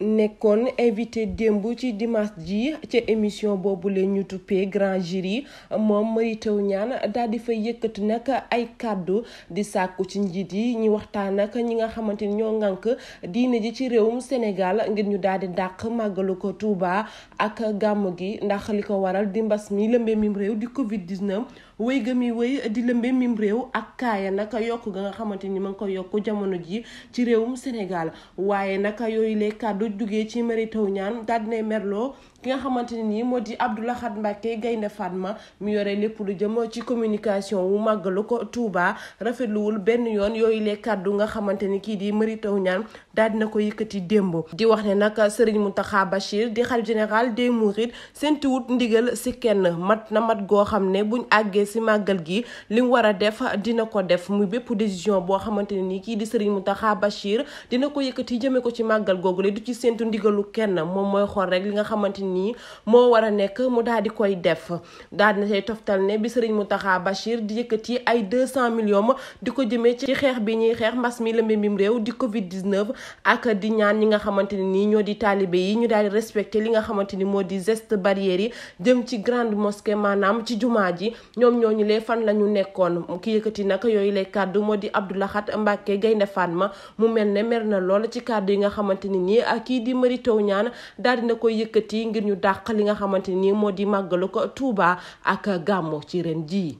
nekkoon invité démb ci dimanche ji ca émission boobu la ñu tuppee grand jury moom Mary Teuw Niane daal di fa yëkkati nag ay kàddu di sàkku ci njiit yi ñu waxtaan ak ñi nga xamante ni ñoo ŋànk diine ji ci réewum Sénégal ngir ñu daal di dàq màggalu ko Touba ak gàmm gi ndax li ko waral di mbas mi lëmbee mim réew di Covid 19. wéy ga mi wéy di lëmbee mim réew ak kaaya nag yokk ga nga xamante ni ma ngi ko yokk jamono ji ci réewum Sénégal waaye nag yooyu kàddu jugee ci Mary Teuw Niane daal dinay merloo ki nga xamante ne nii moo di Abdou Lahad Mbacké Gaynde Fatma mu yore lépp lu jëm ci communication wu lu ko Touba rafetluwul benn yoon yooyu lee kàddu nga xamante ni kii di Mary Teuw Niane daal dina ko yëkkati démb di wax ne nag Serigne Mountakha Bachir di xalif général des Mourides séntuwut ndigal si kenn mat na mat goo xam ne buñ àggee si màggal gi li mu war a def dina ko def mu bépp décision boo xamante ne nii kii di sëriñ mu taxa Bachir dina ko yëkkati jëmee ko ci màggal googu le du ci séntu ndigalu kenn moom mooy xool rek li nga xamante nii moo war a nekk mu daal di koy def daal di na say toftal ne bi sëriñ Mountakha Bachir di yëkkati ay 200 millions di ko jëmee ci xeex bi ñuy xeex mbas mi lëmbe mbim réew di Covid 19 ak di ñaan ñi nga xamante ne nii ñoo di taalibe yi ñu daal di respecté li nga xamante ni moo di geste barrière yi jëm ci grande mosquée maanaam ci jumaa ji ñoom ñooñu lee fan la ñu nekkoon ki yëkkati nag yooyu lay kàddu moo di Abdou Lahat Mbacké Gaynde Fatma mu mel ne mer lool ci kàddu yi nga xamante nii ak kii di Mary Teuw Niane daal koy yëkkati ngir ñu dàq li nga xamante ni moo di màggalu ko Touba ak gàmmu ci ren jii.